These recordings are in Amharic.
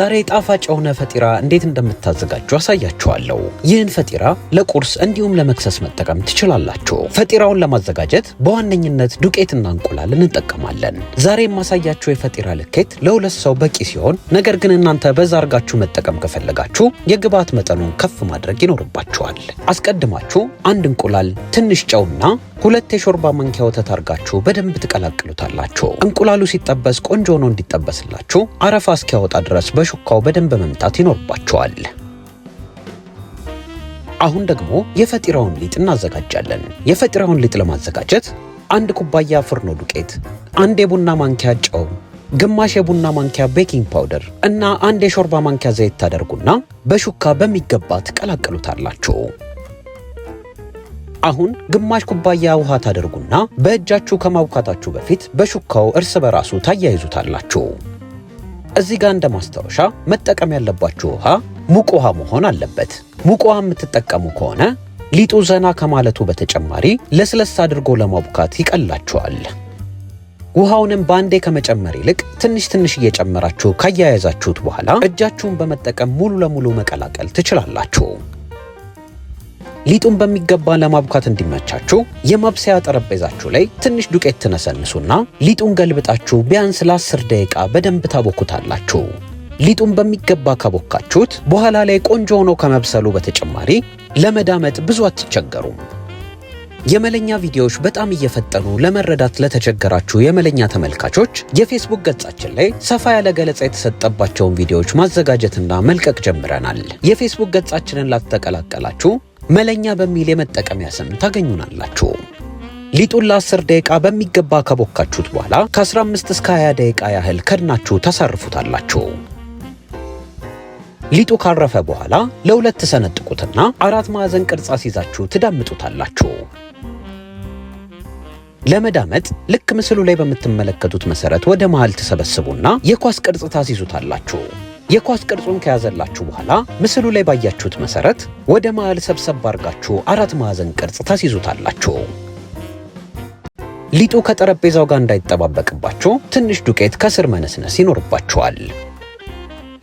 ዛሬ ጣፋጭ የሆነ ፈጢራ እንዴት እንደምታዘጋጁ አሳያችኋለሁ። ይህን ፈጢራ ለቁርስ እንዲሁም ለመክሰስ መጠቀም ትችላላችሁ። ፈጢራውን ለማዘጋጀት በዋነኝነት ዱቄትና እንቁላል እንጠቀማለን። ዛሬ የማሳያችሁ የፈጢራ ልኬት ለሁለት ሰው በቂ ሲሆን፣ ነገር ግን እናንተ በዛ አርጋችሁ መጠቀም ከፈለጋችሁ የግብዓት መጠኑን ከፍ ማድረግ ይኖርባችኋል። አስቀድማችሁ አንድ እንቁላል፣ ትንሽ ጨውና ሁለት የሾርባ ማንኪያ ወተት አርጋችሁ በደንብ ትቀላቅሉታላችሁ። እንቁላሉ ሲጠበስ ቆንጆ ሆኖ እንዲጠበስላችሁ አረፋ እስኪያወጣ ድረስ በ ሹካው በደንብ መምጣት ይኖርባቸዋል። አሁን ደግሞ የፈጢራውን ሊጥ እናዘጋጃለን። የፈጢራውን ሊጥ ለማዘጋጀት አንድ ኩባያ ፍርኖ ዱቄት፣ አንድ የቡና ማንኪያ ጨው፣ ግማሽ የቡና ማንኪያ ቤኪንግ ፓውደር እና አንድ የሾርባ ማንኪያ ዘይት ታደርጉና በሹካ በሚገባ ትቀላቅሉታላችሁ። አሁን ግማሽ ኩባያ ውሃ ታደርጉና በእጃችሁ ከማቡካታችሁ በፊት በሹካው እርስ በራሱ ታያይዙታላችሁ። እዚህ ጋር እንደ ማስታወሻ መጠቀም ያለባችሁ ውሃ ሙቅ ውሃ መሆን አለበት። ሙቅ ውሃ የምትጠቀሙ ከሆነ ሊጡ ዘና ከማለቱ በተጨማሪ ለስለስ አድርጎ ለማቡካት ይቀላችኋል። ውሃውንም በአንዴ ከመጨመር ይልቅ ትንሽ ትንሽ እየጨመራችሁ ካያያዛችሁት በኋላ እጃችሁን በመጠቀም ሙሉ ለሙሉ መቀላቀል ትችላላችሁ። ሊጡን በሚገባ ለማብካት እንዲመቻችሁ የማብሰያ ጠረጴዛችሁ ላይ ትንሽ ዱቄት ትነሰንሱና ሊጡን ገልብጣችሁ ቢያንስ ለአስር ደቂቃ በደንብ ታቦኩታላችሁ። ሊጡን በሚገባ ካቦካችሁት በኋላ ላይ ቆንጆ ሆኖ ከመብሰሉ በተጨማሪ ለመዳመጥ ብዙ አትቸገሩም። የመለኛ ቪዲዮዎች በጣም እየፈጠኑ ለመረዳት ለተቸገራችሁ የመለኛ ተመልካቾች የፌስቡክ ገጻችን ላይ ሰፋ ያለ ገለጻ የተሰጠባቸውን ቪዲዮዎች ማዘጋጀትና መልቀቅ ጀምረናል። የፌስቡክ ገጻችንን ላትተቀላቀላችሁ መለኛ በሚል የመጠቀሚያ ስም ታገኙናላችሁ። ሊጡን ለ10 ደቂቃ በሚገባ ከቦካችሁት በኋላ ከ15 እስከ 20 ደቂቃ ያህል ከድናችሁ ታሳርፉታላችሁ። ሊጡ ካረፈ በኋላ ለሁለት ሰነጥቁትና አራት ማዕዘን ቅርጽ አስይዛችሁ ትዳምጡታላችሁ። ለመዳመጥ ልክ ምስሉ ላይ በምትመለከቱት መሰረት ወደ መሃል ትሰበስቡና የኳስ ቅርጽ ታስይዙታላችሁ። የኳስ ቅርጹን ከያዘላችሁ በኋላ ምስሉ ላይ ባያችሁት መሰረት ወደ መሃል ሰብሰብ አድርጋችሁ አራት ማዕዘን ቅርጽ ታስይዙታላችሁ። ሊጡ ከጠረጴዛው ጋር እንዳይጠባበቅባችሁ ትንሽ ዱቄት ከስር መነስነስ ይኖርባችኋል።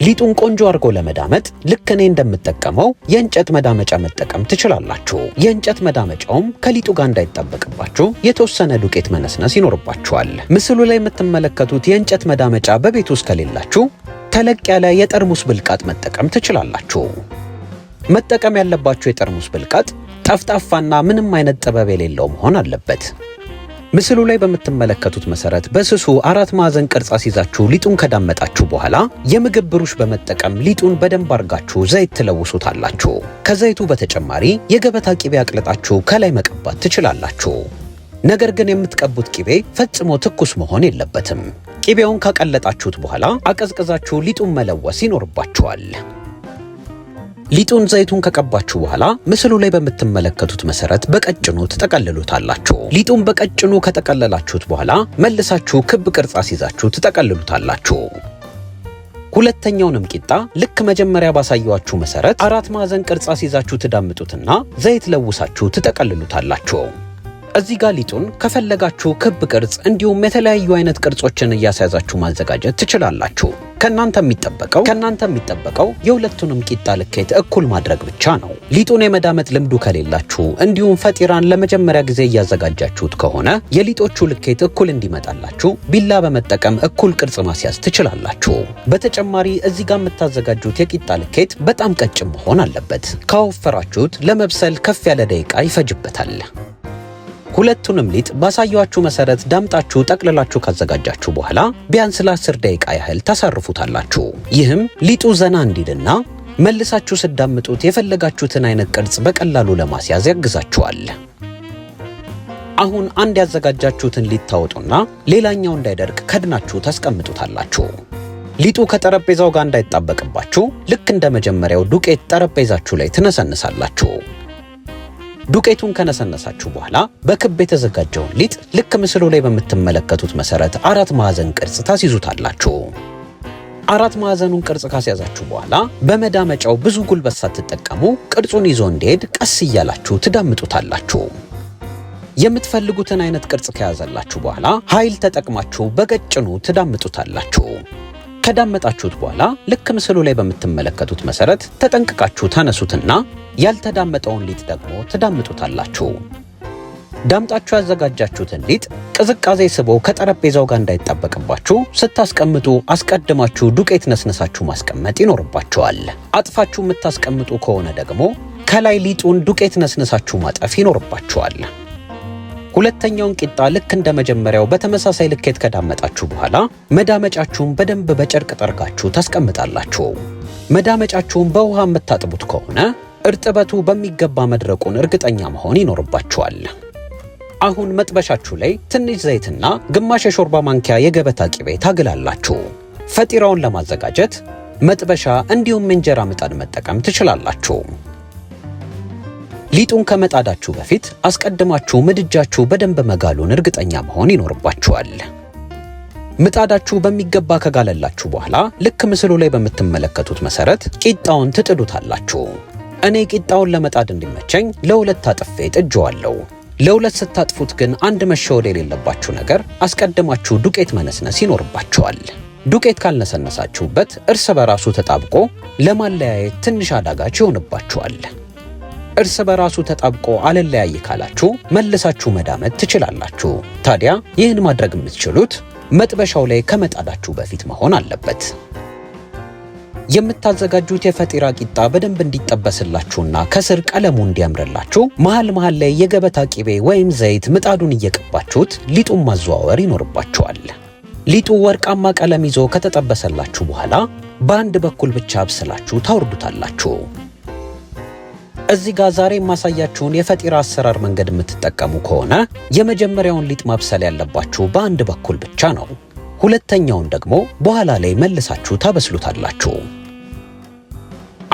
ሊጡን ቆንጆ አድርጎ ለመዳመጥ ልክ እኔ እንደምጠቀመው የእንጨት መዳመጫ መጠቀም ትችላላችሁ። የእንጨት መዳመጫውም ከሊጡ ጋር እንዳይጠበቅባችሁ የተወሰነ ዱቄት መነስነስ ይኖርባችኋል። ምስሉ ላይ የምትመለከቱት የእንጨት መዳመጫ በቤት ውስጥ ከሌላችሁ ተለቅ ያለ የጠርሙስ ብልቃጥ መጠቀም ትችላላችሁ። መጠቀም ያለባችሁ የጠርሙስ ብልቃጥ ጠፍጣፋና ምንም አይነት ጥበብ የሌለው መሆን አለበት። ምስሉ ላይ በምትመለከቱት መሰረት በስሱ አራት ማዕዘን ቅርጽ አስይዛችሁ ሊጡን ከዳመጣችሁ በኋላ የምግብ ብሩሽ በመጠቀም ሊጡን በደንብ አርጋችሁ ዘይት ትለውሱታላችሁ። ከዘይቱ በተጨማሪ የገበታ ቂቤ አቅልጣችሁ ከላይ መቀባት ትችላላችሁ። ነገር ግን የምትቀቡት ቂቤ ፈጽሞ ትኩስ መሆን የለበትም። ቂቤውን ካቀለጣችሁት በኋላ አቀዝቅዛችሁ ሊጡን መለወስ ይኖርባችኋል። ሊጡን ዘይቱን ከቀባችሁ በኋላ ምስሉ ላይ በምትመለከቱት መሰረት በቀጭኑ ትጠቀልሉታላችሁ። ሊጡን በቀጭኑ ከጠቀለላችሁት በኋላ መልሳችሁ ክብ ቅርጽ አስይዛችሁ ትጠቀልሉታላችሁ። ሁለተኛውንም ቂጣ ልክ መጀመሪያ ባሳየዋችሁ መሰረት አራት ማዕዘን ቅርጽ አስይዛችሁ ትዳምጡትና ዘይት ለውሳችሁ ትጠቀልሉታላችሁ። እዚህ ጋር ሊጡን ከፈለጋችሁ ክብ ቅርጽ እንዲሁም የተለያዩ አይነት ቅርጾችን እያስያዛችሁ ማዘጋጀት ትችላላችሁ። ከእናንተ የሚጠበቀው ከእናንተ የሚጠበቀው የሁለቱንም ቂጣ ልኬት እኩል ማድረግ ብቻ ነው። ሊጡን የመዳመጥ ልምዱ ከሌላችሁ እንዲሁም ፈጢራን ለመጀመሪያ ጊዜ እያዘጋጃችሁት ከሆነ የሊጦቹ ልኬት እኩል እንዲመጣላችሁ ቢላ በመጠቀም እኩል ቅርጽ ማስያዝ ትችላላችሁ። በተጨማሪ እዚህ ጋር የምታዘጋጁት የቂጣ ልኬት በጣም ቀጭን መሆን አለበት። ካወፈራችሁት ለመብሰል ከፍ ያለ ደቂቃ ይፈጅበታል። ሁለቱንም ሊጥ ባሳያችሁ መሰረት ዳምጣችሁ ጠቅልላችሁ ካዘጋጃችሁ በኋላ ቢያንስ ለአስር ደቂቃ ያህል ታሳርፉታላችሁ። ይህም ሊጡ ዘና እንዲልና መልሳችሁ ስዳምጡት የፈለጋችሁትን አይነት ቅርጽ በቀላሉ ለማስያዝ ያግዛችኋል። አሁን አንድ ያዘጋጃችሁትን ሊጥ ታወጡና ሌላኛው እንዳይደርቅ ከድናችሁ ታስቀምጡታላችሁ። ሊጡ ከጠረጴዛው ጋር እንዳይጣበቅባችሁ ልክ እንደ መጀመሪያው ዱቄት ጠረጴዛችሁ ላይ ትነሰንሳላችሁ። ዱቄቱን ከነሰነሳችሁ በኋላ በክብ የተዘጋጀውን ሊጥ ልክ ምስሉ ላይ በምትመለከቱት መሰረት አራት ማዕዘን ቅርጽ ታስይዙታላችሁ። አራት ማዕዘኑን ቅርጽ ካስያዛችሁ በኋላ በመዳመጫው ብዙ ጉልበት ሳትጠቀሙ ቅርጹን ይዞ እንዲሄድ ቀስ እያላችሁ ትዳምጡታላችሁ። የምትፈልጉትን አይነት ቅርጽ ከያዘላችሁ በኋላ ኃይል ተጠቅማችሁ በቀጭኑ ትዳምጡታላችሁ። ከዳመጣችሁት በኋላ ልክ ምስሉ ላይ በምትመለከቱት መሰረት ተጠንቅቃችሁ ተነሱትና ያልተዳመጠውን ሊጥ ደግሞ ትዳምጡታላችሁ። ዳምጣችሁ ያዘጋጃችሁትን ሊጥ ቅዝቃዜ ስቦ ከጠረጴዛው ጋር እንዳይጣበቅባችሁ ስታስቀምጡ አስቀድማችሁ ዱቄት ነስነሳችሁ ማስቀመጥ ይኖርባችኋል። አጥፋችሁ የምታስቀምጡ ከሆነ ደግሞ ከላይ ሊጡን ዱቄት ነስነሳችሁ ማጠፍ ይኖርባችኋል። ሁለተኛውን ቂጣ ልክ እንደ መጀመሪያው በተመሳሳይ ልኬት ከዳመጣችሁ በኋላ መዳመጫችሁን በደንብ በጨርቅ ጠርጋችሁ ታስቀምጣላችሁ። መዳመጫችሁን በውሃ የምታጥቡት ከሆነ እርጥበቱ በሚገባ መድረቁን እርግጠኛ መሆን ይኖርባችኋል። አሁን መጥበሻችሁ ላይ ትንሽ ዘይትና ግማሽ የሾርባ ማንኪያ የገበታ ቂቤ ታግላላችሁ። ፈጢራውን ለማዘጋጀት መጥበሻ እንዲሁም እንጀራ ምጣድ መጠቀም ትችላላችሁ። ሊጡን ከመጣዳችሁ በፊት አስቀድማችሁ ምድጃችሁ በደንብ መጋሉን እርግጠኛ መሆን ይኖርባችኋል። ምጣዳችሁ በሚገባ ከጋለላችሁ በኋላ ልክ ምስሉ ላይ በምትመለከቱት መሰረት ቂጣውን ትጥዱታላችሁ። እኔ ቂጣውን ለመጣድ እንዲመቸኝ ለሁለት አጥፌ ጥጀዋለሁ። ለሁለት ስታጥፉት ግን አንድ መሸወድ የሌለባችሁ ነገር አስቀድማችሁ ዱቄት መነስነስ ይኖርባችኋል። ዱቄት ካልነሰነሳችሁበት እርስ በራሱ ተጣብቆ ለማለያየት ትንሽ አዳጋች ይሆንባችኋል። እርስ በራሱ ተጣብቆ አለለያይ ካላችሁ መልሳችሁ መዳመጥ ትችላላችሁ። ታዲያ ይህን ማድረግ የምትችሉት መጥበሻው ላይ ከመጣዳችሁ በፊት መሆን አለበት። የምታዘጋጁት የፈጢራ ቂጣ በደንብ እንዲጠበስላችሁና ከስር ቀለሙ እንዲያምርላችሁ መሀል መሀል ላይ የገበታ ቂቤ ወይም ዘይት ምጣዱን እየቀባችሁት ሊጡን ማዘዋወር ይኖርባችኋል። ሊጡ ወርቃማ ቀለም ይዞ ከተጠበሰላችሁ በኋላ በአንድ በኩል ብቻ አብስላችሁ ታወርዱታላችሁ። እዚህ ጋር ዛሬ የማሳያችሁን የፈጢራ አሰራር መንገድ የምትጠቀሙ ከሆነ የመጀመሪያውን ሊጥ ማብሰል ያለባችሁ በአንድ በኩል ብቻ ነው። ሁለተኛውን ደግሞ በኋላ ላይ መልሳችሁ ታበስሉታላችሁ።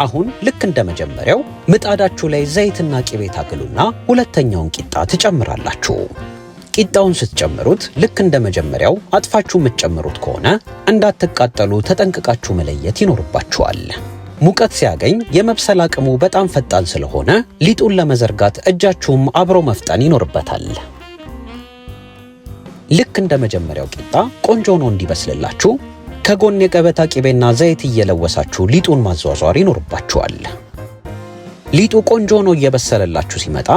አሁን ልክ እንደ መጀመሪያው ምጣዳችሁ ላይ ዘይትና ቂቤ ታግሉና ሁለተኛውን ቂጣ ትጨምራላችሁ። ቂጣውን ስትጨምሩት ልክ እንደ መጀመሪያው አጥፋችሁ የምትጨምሩት ከሆነ እንዳትቃጠሉ ተጠንቅቃችሁ መለየት ይኖርባችኋል። ሙቀት ሲያገኝ የመብሰል አቅሙ በጣም ፈጣን ስለሆነ ሊጡን ለመዘርጋት እጃችሁም አብሮ መፍጠን ይኖርበታል። ልክ እንደ መጀመሪያው ቂጣ ቆንጆ ሆኖ እንዲበስልላችሁ ከጎን የቀበታ ቂቤና ዘይት እየለወሳችሁ ሊጡን ማዟዟር ይኖርባችኋል። ሊጡ ቆንጆ ሆኖ እየበሰለላችሁ ሲመጣ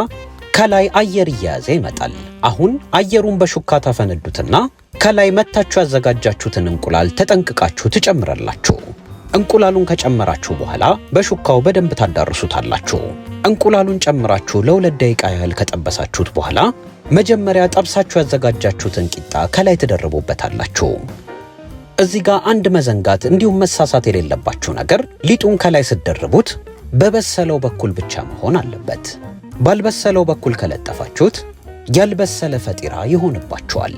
ከላይ አየር እየያዘ ይመጣል። አሁን አየሩን በሹካ ታፈነዱትና ከላይ መታችሁ ያዘጋጃችሁትን እንቁላል ተጠንቅቃችሁ ትጨምራላችሁ። እንቁላሉን ከጨመራችሁ በኋላ በሹካው በደንብ ታዳርሱታላችሁ። እንቁላሉን ጨምራችሁ ለሁለት ደቂቃ ያህል ከጠበሳችሁት በኋላ መጀመሪያ ጠብሳችሁ ያዘጋጃችሁትን ቂጣ ከላይ ትደርቡበታላችሁ። እዚህ ጋር አንድ መዘንጋት እንዲሁም መሳሳት የሌለባችሁ ነገር ሊጡን ከላይ ስትደርቡት በበሰለው በኩል ብቻ መሆን አለበት። ባልበሰለው በኩል ከለጠፋችሁት ያልበሰለ ፈጢራ ይሆንባችኋል።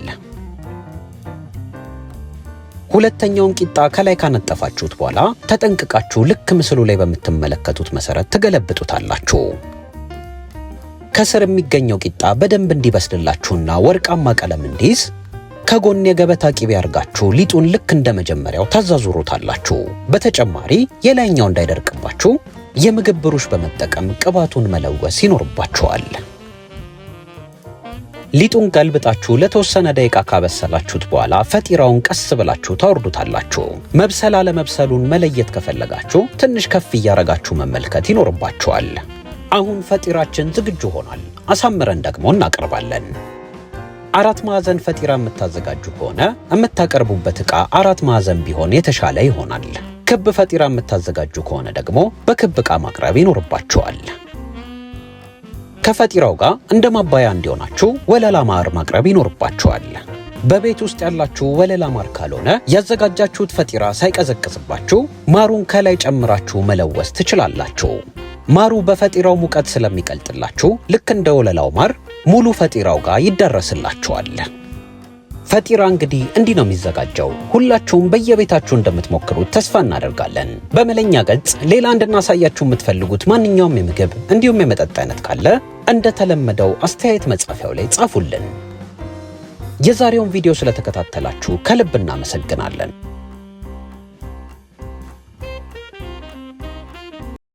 ሁለተኛውን ቂጣ ከላይ ካነጠፋችሁት በኋላ ተጠንቅቃችሁ ልክ ምስሉ ላይ በምትመለከቱት መሰረት ትገለብጡታላችሁ። ከስር የሚገኘው ቂጣ በደንብ እንዲበስልላችሁና ወርቃማ ቀለም እንዲይዝ ከጎን የገበታ ቂቤ አድርጋችሁ ሊጡን ልክ እንደ መጀመሪያው ታዛዙሩታላችሁ። በተጨማሪ የላይኛው እንዳይደርቅባችሁ የምግብ ብሩሽ በመጠቀም ቅባቱን መለወስ ይኖርባችኋል። ሊጡን ገልብጣችሁ ለተወሰነ ደቂቃ ካበሰላችሁት በኋላ ፈጢራውን ቀስ ብላችሁ ታወርዱታላችሁ። መብሰል አለመብሰሉን መለየት ከፈለጋችሁ ትንሽ ከፍ እያረጋችሁ መመልከት ይኖርባችኋል። አሁን ፈጢራችን ዝግጁ ሆኗል። አሳምረን ደግሞ እናቀርባለን። አራት ማዕዘን ፈጢራ የምታዘጋጁ ከሆነ የምታቀርቡበት ዕቃ አራት ማዕዘን ቢሆን የተሻለ ይሆናል። ክብ ፈጢራ የምታዘጋጁ ከሆነ ደግሞ በክብ ዕቃ ማቅረብ ይኖርባችኋል። ከፈጢራው ጋር እንደ ማባያ እንዲሆናችሁ ወለላ ማር ማቅረብ ይኖርባችኋል። በቤት ውስጥ ያላችሁ ወለላ ማር ካልሆነ ያዘጋጃችሁት ፈጢራ ሳይቀዘቅዝባችሁ ማሩን ከላይ ጨምራችሁ መለወስ ትችላላችሁ። ማሩ በፈጢራው ሙቀት ስለሚቀልጥላችሁ ልክ እንደ ወለላው ማር ሙሉ ፈጢራው ጋር ይዳረስላችኋል። ፈጢራ እንግዲህ እንዲህ ነው የሚዘጋጀው። ሁላችሁም በየቤታችሁ እንደምትሞክሩት ተስፋ እናደርጋለን። በመለኛ ገጽ ሌላ እንድናሳያችሁ የምትፈልጉት ማንኛውም የምግብ እንዲሁም የመጠጥ አይነት ካለ እንደተለመደው አስተያየት መጻፊያው ላይ ጻፉልን። የዛሬውን ቪዲዮ ስለተከታተላችሁ ከልብ እናመሰግናለን።